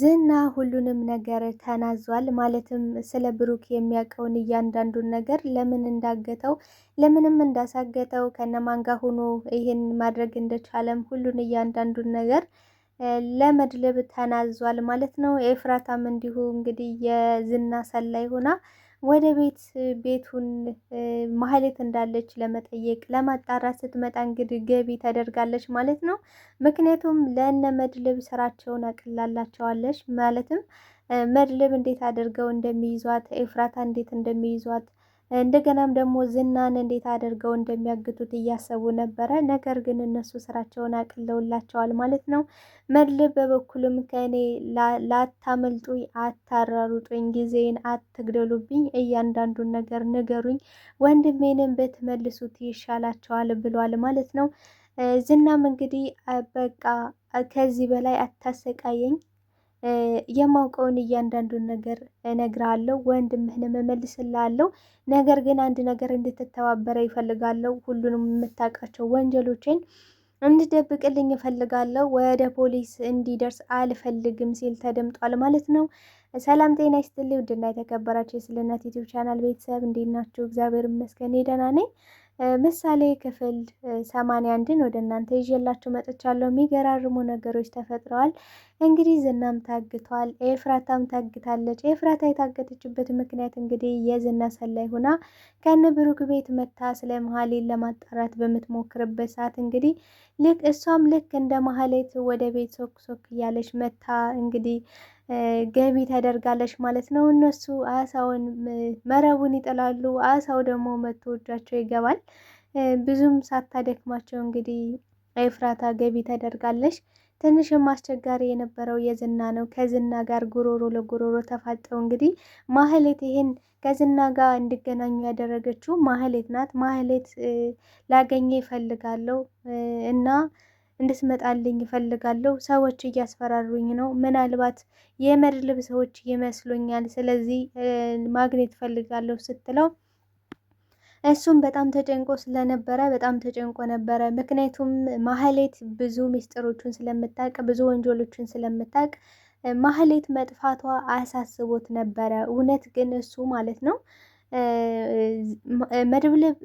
ዝና ሁሉንም ነገር ተናዟል። ማለትም ስለ ብሩክ የሚያውቀውን እያንዳንዱን ነገር ለምን እንዳገተው ለምንም እንዳሳገተው ከነማን ጋር ሆኖ ይህን ማድረግ እንደቻለም ሁሉን እያንዳንዱን ነገር ለመድልብ ተናዟል ማለት ነው። ኤፍራታም እንዲሁ እንግዲህ የዝና ሰላይ ሆና ወደ ቤት ቤቱን ማህሌት እንዳለች ለመጠየቅ ለማጣራት ስትመጣ እንግዲህ ገቢ ተደርጋለች ማለት ነው። ምክንያቱም ለእነ መድልብ ስራቸውን አቅላላቸዋለች። ማለትም መድልብ እንዴት አድርገው እንደሚይዟት፣ ኤፍራታ እንዴት እንደሚይዟት እንደገናም ደግሞ ዝናን እንዴት አድርገው እንደሚያግቱት እያሰቡ ነበረ። ነገር ግን እነሱ ስራቸውን አቅለውላቸዋል ማለት ነው። መድብል በበኩልም ከእኔ ላታመልጡኝ፣ አታራሩጡኝ፣ ጊዜን አትግደሉብኝ፣ እያንዳንዱን ነገር ንገሩኝ፣ ወንድሜንም ብትመልሱት ይሻላቸዋል ብሏል ማለት ነው። ዝናም እንግዲህ በቃ ከዚህ በላይ አታሰቃየኝ የማውቀውን እያንዳንዱን ነገር እነግርሃለሁ፣ ወንድምህንም እመልስልሃለሁ። ነገር ግን አንድ ነገር እንድትተባበረ ይፈልጋለሁ። ሁሉንም የምታውቃቸው ወንጀሎችን እንድደብቅልኝ እፈልጋለሁ። ወደ ፖሊስ እንዲደርስ አልፈልግም ሲል ተደምጧል ማለት ነው። ሰላም ጤና ይስጥልኝ። ውድና የተከበራቸው የስልነት ዩቲዩብ ቻናል ቤተሰብ እንዴት ናቸው? እግዚአብሔር ይመስገን ደህና ነኝ። ምሳሌ ክፍል ሰማንያ አንድን ወደ እናንተ ይዤላችሁ መጥቻለሁ። የሚገራርሙ ነገሮች ተፈጥረዋል። እንግዲህ ዝናም ታግቷል፣ ኤፍራታም ታግታለች። ኤፍራታ የታገተችበት ምክንያት እንግዲህ የዝና ሰላይ ሁና ከነ ብሩክ ቤት መታ ስለ መሀሌን ለማጣራት በምትሞክርበት ሰዓት እንግዲህ ልክ እሷም ልክ እንደ መሀሌት ወደ ቤት ሶክ ሶክ እያለች መታ እንግዲህ ገቢ ታደርጋለች ማለት ነው። እነሱ አሳውን መረቡን ይጥላሉ። አሳው ደግሞ መቶ እጃቸው ይገባል። ብዙም ሳታደክማቸው እንግዲህ ኤፍራታ ገቢ ታደርጋለች። ትንሽም አስቸጋሪ የነበረው የዝና ነው። ከዝና ጋር ጉሮሮ ለጉሮሮ ተፋጠው እንግዲህ ማህሌት ይህን ከዝና ጋር እንዲገናኙ ያደረገችው ማህሌት ናት። ማህሌት ላገኘ ይፈልጋለሁ እና እንድትመጣልኝ እፈልጋለሁ። ሰዎች እያስፈራሩኝ ነው። ምናልባት የመድልብ ሰዎች ይመስሉኛል። ስለዚህ ማግኘት እፈልጋለሁ ስትለው እሱም በጣም ተጨንቆ ስለነበረ በጣም ተጨንቆ ነበረ። ምክንያቱም ማህሌት ብዙ ሚስጥሮቹን ስለምታውቅ፣ ብዙ ወንጀሎቹን ስለምታውቅ ማህሌት መጥፋቷ አያሳስቦት ነበረ። እውነት ግን እሱ ማለት ነው መድብልብ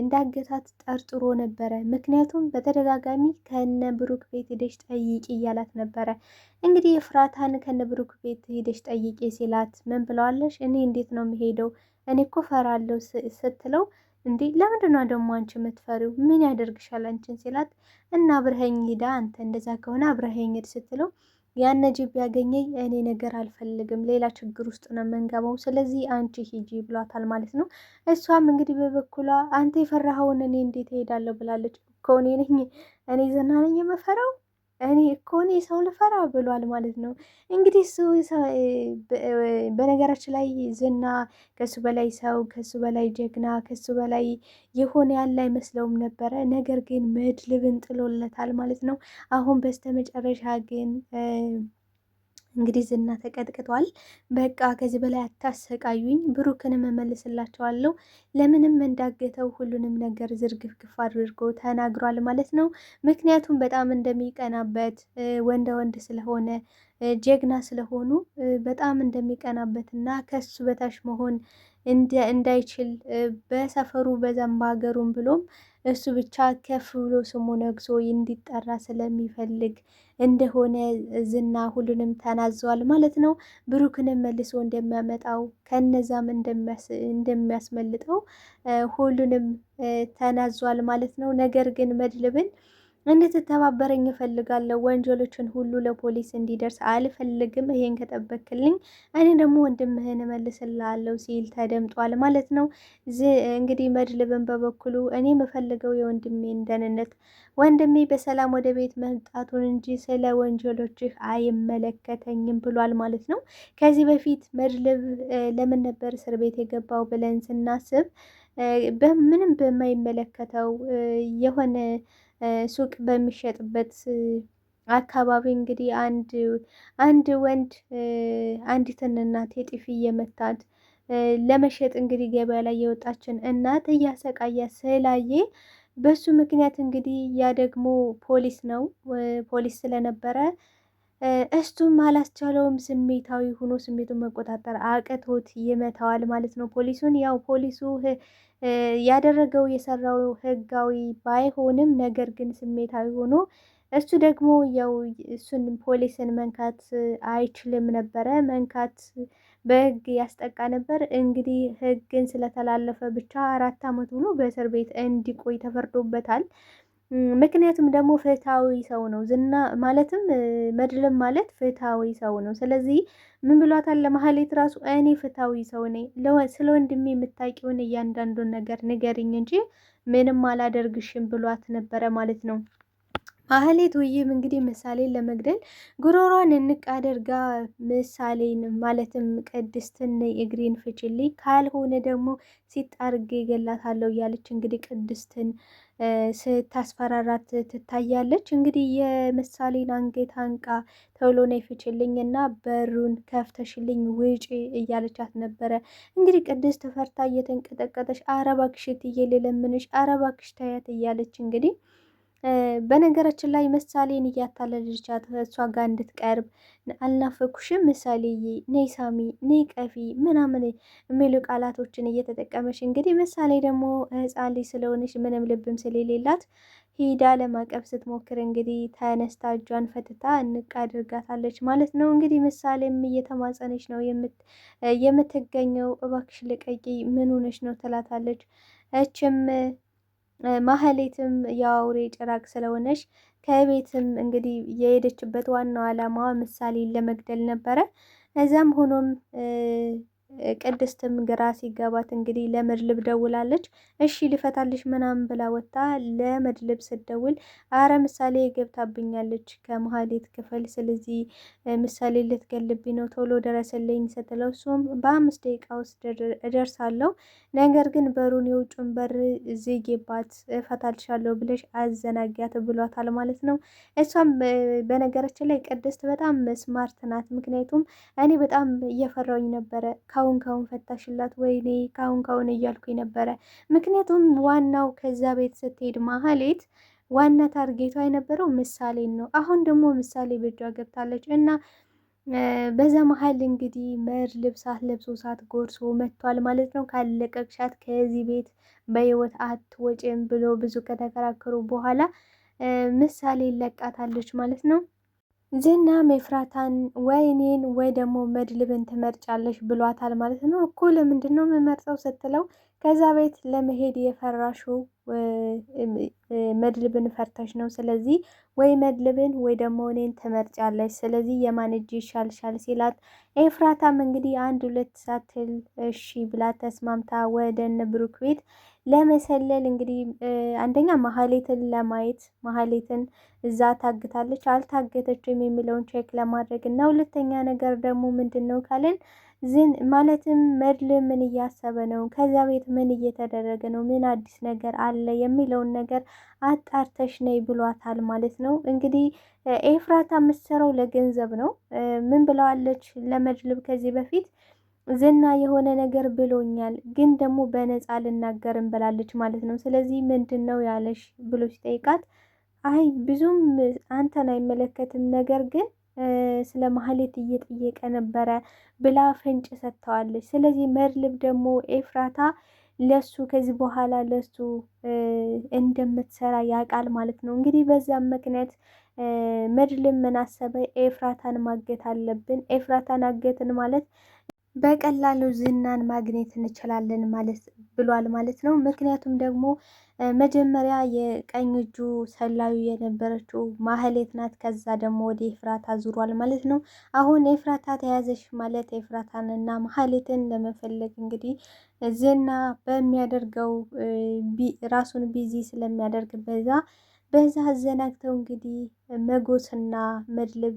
እንዳገታት ጠርጥሮ ነበረ። ምክንያቱም በተደጋጋሚ ከነ ብሩክ ቤት ሄደሽ ጠይቂ እያላት ነበረ። እንግዲህ የፍራታን ከነ ብሩክ ቤት ሄደሽ ጠይቂ ሲላት ምን ብለዋለሽ? እኔ እንዴት ነው የምሄደው? እኔ እኮ ፈራለሁ ስትለው እንዴ ለምንድነው ነው ደግሞ አንቺ የምትፈሪው? ምን ያደርግሻል አንቺን ሲላት እና አብረኸኝ ሂዳ አንተ እንደዛ ከሆነ አብረኸኝ ሂድ ስትለው ያነ ጅብ ያገኘኝ እኔ ነገር አልፈልግም፣ ሌላ ችግር ውስጥ ነው የምንገባው፣ ስለዚህ አንቺ ሂጂ ብሏታል ማለት ነው። እሷም እንግዲህ በበኩሏ አንተ የፈራኸውን እኔ እንዴት እሄዳለሁ ብላለች። ከሆኔ ነኝ እኔ ነኝ የምፈራው እኔ እኮ እኔ ሰው ልፈራ ብሏል ማለት ነው። እንግዲህ እሱ በነገራችን ላይ ዝና ከሱ በላይ ሰው፣ ከሱ በላይ ጀግና፣ ከሱ በላይ የሆነ ያለ አይመስለውም ነበረ። ነገር ግን መድልብን ጥሎለታል ማለት ነው። አሁን በስተመጨረሻ ግን እንግዲህ ዝና ተቀጥቅጧል። በቃ ከዚህ በላይ አታሰቃዩኝ፣ ብሩክን እመልስላቸዋለሁ። ለምንም እንዳገተው ሁሉንም ነገር ዝርግፍግፍ አድርጎ ተናግሯል ማለት ነው። ምክንያቱም በጣም እንደሚቀናበት ወንደ ወንድ ስለሆነ ጀግና ስለሆኑ በጣም እንደሚቀናበትና ከሱ በታች መሆን እንዳይችል በሰፈሩ በዛም በሀገሩም ብሎም እሱ ብቻ ከፍ ብሎ ስሙ ነግሶ እንዲጠራ ስለሚፈልግ እንደሆነ ዝና ሁሉንም ተናዘዋል ማለት ነው። ብሩክንም መልሶ እንደሚያመጣው ከነዛም እንደሚያስመልጠው ሁሉንም ተናዘዋል ማለት ነው። ነገር ግን መድልብን እንድትተባበረኝ እፈልጋለሁ። ወንጀሎችን ሁሉ ለፖሊስ እንዲደርስ አልፈልግም። ይሄን ከጠበክልኝ እኔ ደግሞ ወንድምህን እመልስልሃለሁ ሲል ተደምጧል ማለት ነው። እንግዲህ መድልብን በበኩሉ እኔ የምፈልገው የወንድሜን ደህንነት፣ ወንድሜ በሰላም ወደ ቤት መምጣቱን እንጂ ስለ ወንጀሎችህ አይመለከተኝም ብሏል ማለት ነው። ከዚህ በፊት መድልብ ለምን ነበር እስር ቤት የገባው ብለን ስናስብ በምንም በማይመለከተው የሆነ ሱቅ በሚሸጥበት አካባቢ እንግዲህ አንድ አንድ ወንድ አንዲትን እናት የጥፊ እየመታት ለመሸጥ እንግዲህ ገበያ ላይ የወጣችን እናት እያሰቃያ ስላየ በሱ ምክንያት እንግዲህ ያ ደግሞ ፖሊስ ነው ፖሊስ ስለነበረ እሱም አላስቻለውም። ስሜታዊ ሆኖ ስሜቱን መቆጣጠር አቅቶት ይመታዋል ማለት ነው ፖሊሱን። ያው ፖሊሱ ያደረገው የሰራው ህጋዊ ባይሆንም ነገር ግን ስሜታዊ ሆኖ እሱ ደግሞ ያው እሱን ፖሊስን መንካት አይችልም ነበረ። መንካት በህግ ያስጠቃ ነበር። እንግዲህ ህግን ስለተላለፈ ብቻ አራት ዓመት ሙሉ በእስር ቤት እንዲቆይ ተፈርዶበታል። ምክንያቱም ደግሞ ፍትሃዊ ሰው ነው ዝና ማለትም መድልም ማለት ፍትሃዊ ሰው ነው። ስለዚህ ምን ብሏታል ለማህሌት ራሱ እኔ ፍትሃዊ ሰው ነኝ፣ ስለ ወንድሜ የምታውቂውን እያንዳንዱን ነገር ንገሪኝ እንጂ ምንም አላደርግሽም ብሏት ነበረ ማለት ነው። ማህሌት ውይም እንግዲህ ምሳሌን ለመግደል ጉሮሯን እንቅ አድርጋ ምሳሌን ማለትም ቅድስትን እግሬን ፍችልኝ ካልሆነ ደግሞ ሲጣርግ ይገላታለሁ እያለች እንግዲህ ቅድስትን ስታስፈራራት ትታያለች። እንግዲህ የምሳሌን አንገት አንቃ ቶሎ ነይ ይፍችልኝ እና በሩን ከፍተሽልኝ ውጪ እያለቻት ነበረ። እንግዲህ ቅድስት ፈርታ እየተንቀጠቀጠች አረባ ክሽት እየለለምንሽ አረባ ክሽታያት እያለች እንግዲህ በነገራችን ላይ ምሳሌን እያታለለቻት እሷ ጋር እንድትቀርብ አልናፈኩሽም ምሳሌዬ፣ ነይ ሳሚ፣ ነይ ቀፊ ምናምን የሚሉ ቃላቶችን እየተጠቀመች እንግዲህ ምሳሌ ደግሞ ሕፃን ልጅ ስለሆነች ምንም ልብም ስለሌላት ሂዳ ለማቀፍ ስትሞክር እንግዲህ ተነስታ እጇን ፈትታ እንቅ አድርጋታለች ማለት ነው። እንግዲህ ምሳሌም እየተማጸነች ነው የምትገኘው። እባክሽ ልቀቂ፣ ምን ሆነች ነው ትላታለች እችም ማህሌትም የአውሬ ጭራቅ ስለሆነች ከቤትም እንግዲህ የሄደችበት ዋናው አላማዋ ምሳሌን ለመግደል ነበረ። እዛም ሆኖም ቅድስትም ግራ ሲገባት እንግዲህ ለመድልብ ደውላለች። እሺ ልፈታልሽ ምናምን ብላ ወጣ ለመድልብ ስደውል አረ ምሳሌ ገብታብኛለች ከመሀሌት ክፍል፣ ስለዚህ ምሳሌ ልትገልብ ነው ቶሎ ደረሰልኝ ስትለው እሱም በአምስት ደቂቃ ውስጥ እደርሳለሁ፣ ነገር ግን በሩን የውጩን በር ዝጌባት እፈታልሻለሁ ብለሽ አዘናጊያት ብሏታል ማለት ነው። እሷም በነገራችን ላይ ቅድስት በጣም ስማርት ናት። ምክንያቱም እኔ በጣም እየፈራውኝ ነበረ ካሁን ካሁን ፈታሽላት፣ ወይኔ ካሁን ካሁን እያልኩ ነበረ። ምክንያቱም ዋናው ከዛ ቤት ስትሄድ ማህሌት ዋና ታርጌቷ የነበረው ምሳሌን ነው። አሁን ደግሞ ምሳሌ በእጇ ገብታለች እና በዛ መሀል እንግዲህ መር ልብሳት ለብሶ ሳት ጎርሶ መጥቷል ማለት ነው። ካለቀቅሻት ከዚህ ቤት በህይወት አትወጪም ብሎ ብዙ ከተከራከሩ በኋላ ምሳሌ ይለቃታለች ማለት ነው። ዝና ኤፍራታን ወይኔን ወይ ደግሞ መድልብን ትመርጫለሽ ብሏታል ማለት ነው። እኮ ለምንድን ነው የምመርጠው ስትለው ከዛ ቤት ለመሄድ የፈራሹ መድልብን ፈርተሽ ነው። ስለዚህ ወይ መድልብን ወይ ደግሞ እኔን ትመርጫለሽ፣ ስለዚህ የማን እጅ ይሻልሻል ሲላት ኤፍራታም እንግዲህ አንድ ሁለት ሳትል እሺ ብላ ተስማምታ ወደ እነ ብሩክ ቤት ለመሰለል እንግዲህ አንደኛ መሀሌትን ለማየት መሀሌትን እዛ ታግታለች አልታገተችም የሚለውን ቼክ ለማድረግ እና ሁለተኛ ነገር ደግሞ ምንድን ነው ካለን ዝን ማለትም መድል ምን እያሰበ ነው? ከዛ ቤት ምን እየተደረገ ነው? ምን አዲስ ነገር አለ የሚለውን ነገር አጣርተሽ ነይ ብሏታል ማለት ነው። እንግዲህ ኤፍራታ የምትሰራው ለገንዘብ ነው። ምን ብለዋለች ለመድልብ ከዚህ በፊት ዝና የሆነ ነገር ብሎኛል፣ ግን ደግሞ በነፃ ልናገርን ብላለች ማለት ነው። ስለዚህ ምንድን ነው ያለሽ ብሎ ሲጠይቃት አይ ብዙም አንተን አይመለከትም፣ ነገር ግን ስለ ማህሌት እየጠየቀ ነበረ ብላ ፍንጭ ሰጥተዋለች። ስለዚህ መድልብ ደግሞ ኤፍራታ ለሱ ከዚህ በኋላ ለሱ እንደምትሰራ ያውቃል ማለት ነው። እንግዲህ በዛም ምክንያት መድልም ምን አሰበ? ኤፍራታን ማገት አለብን። ኤፍራታን አገትን ማለት በቀላሉ ዝናን ማግኘት እንችላለን ማለት ብሏል ማለት ነው። ምክንያቱም ደግሞ መጀመሪያ የቀኝ እጁ ሰላዩ የነበረችው ማህሌት ናት። ከዛ ደግሞ ወደ ኤፍራታ ዙሯል ማለት ነው። አሁን ኤፍራታ ተያዘሽ ማለት ኤፍራታን እና ማህሌትን ለመፈለግ እንግዲህ ዝና በሚያደርገው ራሱን ቢዚ ስለሚያደርግ በዛ በዛ አዘናግተው እንግዲህ መጎስና መድልብ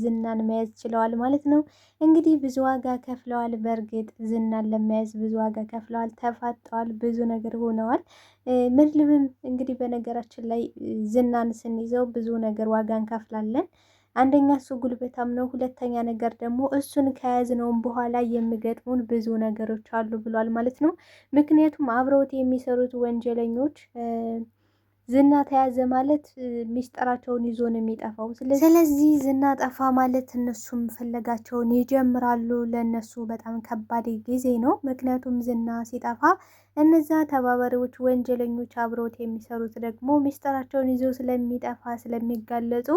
ዝናን መያዝ ችለዋል ማለት ነው። እንግዲህ ብዙ ዋጋ ከፍለዋል። በእርግጥ ዝናን ለመያዝ ብዙ ዋጋ ከፍለዋል፣ ተፋጠዋል፣ ብዙ ነገር ሆነዋል። መድልብም እንግዲህ በነገራችን ላይ ዝናን ስንይዘው ብዙ ነገር ዋጋ እንከፍላለን። አንደኛ እሱ ጉልበታም ነው፣ ሁለተኛ ነገር ደግሞ እሱን ከያዝነውም በኋላ የሚገጥሙን ብዙ ነገሮች አሉ ብሏል ማለት ነው። ምክንያቱም አብረውት የሚሰሩት ወንጀለኞች ዝና ተያዘ ማለት ሚስጥራቸውን ይዞ ነው የሚጠፋው። ስለዚህ ዝና ጠፋ ማለት እነሱም ፍለጋቸውን ይጀምራሉ። ለእነሱ በጣም ከባድ ጊዜ ነው። ምክንያቱም ዝና ሲጠፋ እነዛ ተባባሪዎች፣ ወንጀለኞች አብሮት የሚሰሩት ደግሞ ሚስጥራቸውን ይዞ ስለሚጠፋ ስለሚጋለጡ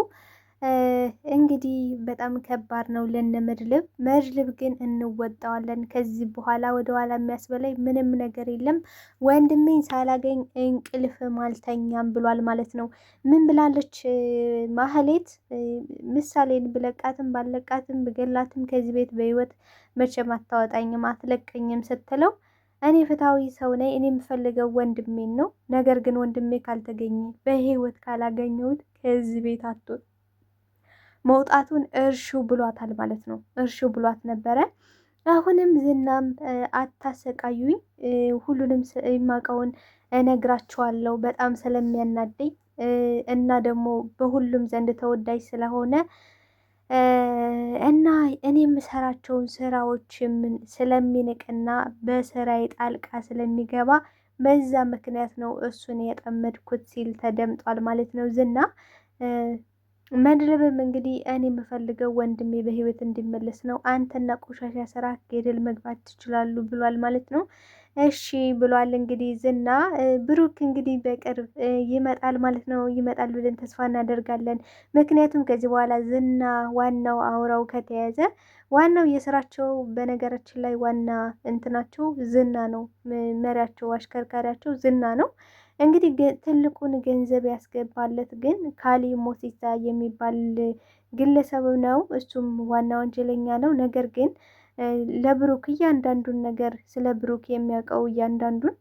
እንግዲህ በጣም ከባድ ነው ለነ መድልብ። መድልብ ግን እንወጣዋለን። ከዚህ በኋላ ወደ ኋላ የሚያስበላይ ምንም ነገር የለም። ወንድሜን ሳላገኝ እንቅልፍ አልተኛም ብሏል ማለት ነው። ምን ብላለች ማህሌት? ምሳሌን ብለቃትም ባለቃትም ብገላትም ከዚህ ቤት በህይወት መቼም አታወጣኝም አትለቀኝም ስትለው እኔ ፍትሐዊ ሰው ነኝ። እኔ የምፈልገው ወንድሜን ነው። ነገር ግን ወንድሜ ካልተገኘ በህይወት ካላገኘሁት ከዚህ ቤት አትወጣ መውጣቱን እርሹ ብሏታል ማለት ነው። እርሹ ብሏት ነበረ። አሁንም ዝናም አታሰቃዩኝ፣ ሁሉንም የማውቀውን እነግራችኋለሁ በጣም ስለሚያናደኝ እና ደግሞ በሁሉም ዘንድ ተወዳጅ ስለሆነ እና እኔ የምሰራቸውን ስራዎች ስለሚንቅና በስራ ጣልቃ ስለሚገባ በዛ ምክንያት ነው እሱን የጠመድኩት ሲል ተደምጧል ማለት ነው ዝና መድብልም እንግዲህ እኔ የምፈልገው ወንድሜ በህይወት እንዲመለስ ነው። አንተና ቆሻሻ ስራ ገደል መግባት ትችላሉ ብሏል ማለት ነው። እሺ ብሏል እንግዲህ ዝና። ብሩክ እንግዲህ በቅርብ ይመጣል ማለት ነው። ይመጣል ብለን ተስፋ እናደርጋለን። ምክንያቱም ከዚህ በኋላ ዝና ዋናው አውራው ከተያዘ ዋናው የስራቸው በነገራችን ላይ ዋና እንትናቸው ዝና ነው። መሪያቸው፣ አሽከርካሪያቸው ዝና ነው። እንግዲህ ትልቁን ገንዘብ ያስገባለት ግን ካሊ ሞሲሳ የሚባል ግለሰብ ነው። እሱም ዋና ወንጀለኛ ነው። ነገር ግን ለብሩክ እያንዳንዱን ነገር ስለ ብሩክ የሚያውቀው እያንዳንዱን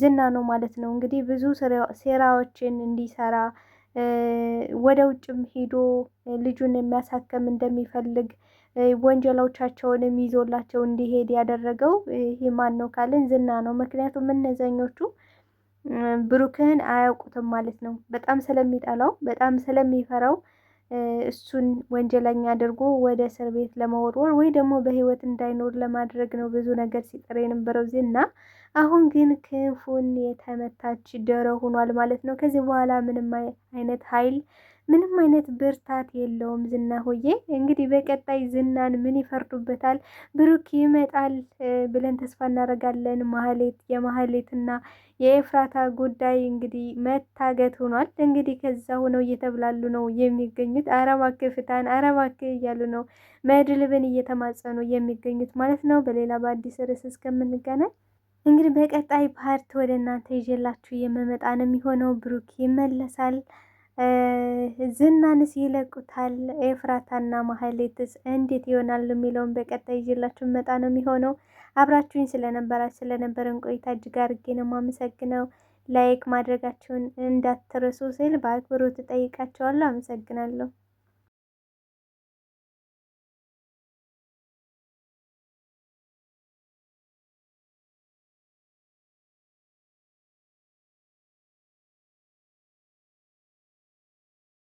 ዝና ነው ማለት ነው። እንግዲህ ብዙ ሴራዎችን እንዲሰራ ወደ ውጭም ሄዶ ልጁን የሚያሳከም እንደሚፈልግ ወንጀሎቻቸውንም ይዞላቸው እንዲሄድ ያደረገው ይህ ማን ነው ካለን ዝና ነው። ምክንያቱም እነዛኞቹ ብሩክን አያውቁትም ማለት ነው። በጣም ስለሚጠላው በጣም ስለሚፈራው እሱን ወንጀለኛ አድርጎ ወደ እስር ቤት ለመወርወር ወይ ደግሞ በህይወት እንዳይኖር ለማድረግ ነው ብዙ ነገር ሲጥር የነበረው ዝና። አሁን ግን ክንፉን የተመታች ደረ ሆኗል ማለት ነው። ከዚህ በኋላ ምንም አይነት ኃይል ምንም አይነት ብርታት የለውም ዝና ሆዬ። እንግዲህ በቀጣይ ዝናን ምን ይፈርዱበታል? ብሩክ ይመጣል ብለን ተስፋ እናደርጋለን። ማህሌት የማህሌትና የኤፍራታ ጉዳይ እንግዲህ መታገት ሆኗል። እንግዲህ ከዛ ሆነው እየተብላሉ ነው የሚገኙት። አረባክ ፍታን፣ አረባክ እያሉ ነው መድብልን እየተማጸኑ የሚገኙት ማለት ነው። በሌላ በአዲስ ርዕስ እስከምንገናኝ እንግዲህ በቀጣይ ፓርት ወደ እናንተ ይዤላችሁ የምመጣ ነው የሚሆነው። ብሩክ ይመለሳል። ዝናንስ ይለቁታል? ኤፍራታና ማህሌትስ እንዴት ይሆናል የሚለውን በቀጣይ ይዤላችሁ መጣ ነው የሚሆነው። አብራችሁኝ ስለነበራችሁ ስለነበረን ቆይታ እጅግ አድርጌ ነው የማመሰግነው። ላይክ ማድረጋችሁን እንዳትረሱ ስል በአክብሮት እጠይቃችኋለሁ። አመሰግናለሁ።